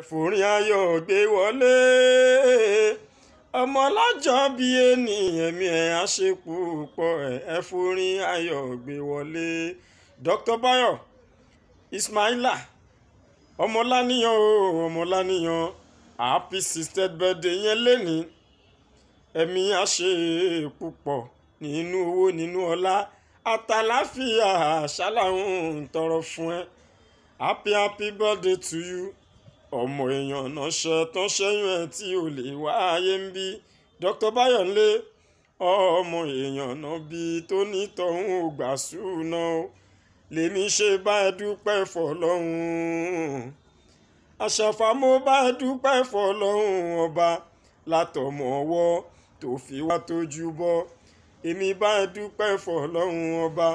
ẹ̀fùrín ayọ̀ gbé wọlé ọmọ lájọ bí ènìyàn mi ẹ̀ á ṣe púpọ̀ ẹ̀fùrín ayọ̀ gbé wọlé Dr. Bayo Ismaila ọmọláníyàn o ọmọláníyàn happy sixteenth birthday yẹn lénìí ẹ̀mí á ṣe púpọ̀ nínú owó nínú ọlá àtàláfíà ṣáláhùn tọrọ fún ẹ happy happy birthday to you ọmọ èèyàn náṣẹ tán ṣẹ́yìn ẹ̀ tí ò lè wá ayé ń bí Dr. Bayonle ọmọ èèyàn náà bí tó nítọ̀hún ò gbà sùúná o lèmi ṣe bá ẹ dúpẹ́ fọlọ́hún àṣàfà mo bá ẹ dúpẹ́ fọlọ́hún ọba látọmọ ọwọ́ tó fi wá tójú bọ́ èmi bá ẹ dúpẹ́ fọlọ́hún ọba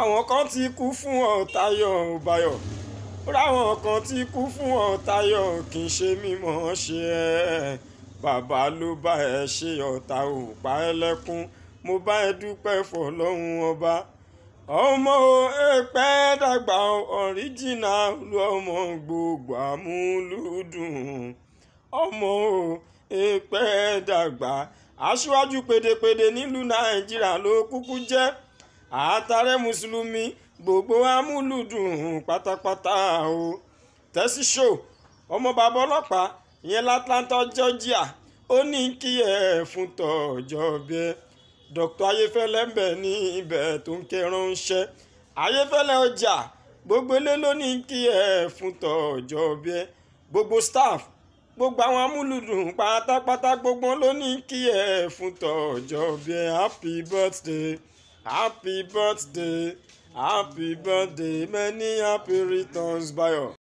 àwọn kan ti kú fún ọ̀tayọ̀ ọ̀bayọ̀ ráwọn kan ti kú fún ọ tayọ kì í ṣe mímọ̀ ṣe ẹ́ bàbá ló bá ẹ ṣe ọ̀tá ò pa ẹ́ lẹ́kún mo bá ẹ dúpẹ́ fọlọ́hún ọba ọmọ ẹpẹ dàgbà ọ̀ríjìnà lu ọmọ gbogbo àmúlùdùn ọmọ ẹpẹ dàgbà aṣíwájú pédépédé nílùú nàìjíríà ló kúkú jẹ́ àtàrẹ mùsùlùmí gbogbo amúlùdùn pátápátá o tẹ́sí show ọmọ bàbá ọlọ́pàá ìyẹn latlanta georgia ó ní kí ẹ fún tọ́jọ́ bẹ́ẹ̀ dr ayéfẹ́lẹ́ ń bẹ ní ibẹ̀ tó ń kẹran ṣẹ́ ayéfẹ́lẹ́ ọjà gbogbo ilé ló ní kí ẹ fún tọ́jọ́ bẹ́ẹ̀ gbogbo staff gbogbo àwọn amúlùdùn pátápátá gbogbo ló ní kí ẹ fún tọ́jọ́ bẹ́ẹ̀ happy birthday happy birthday happy birthday many happy returns Bayo.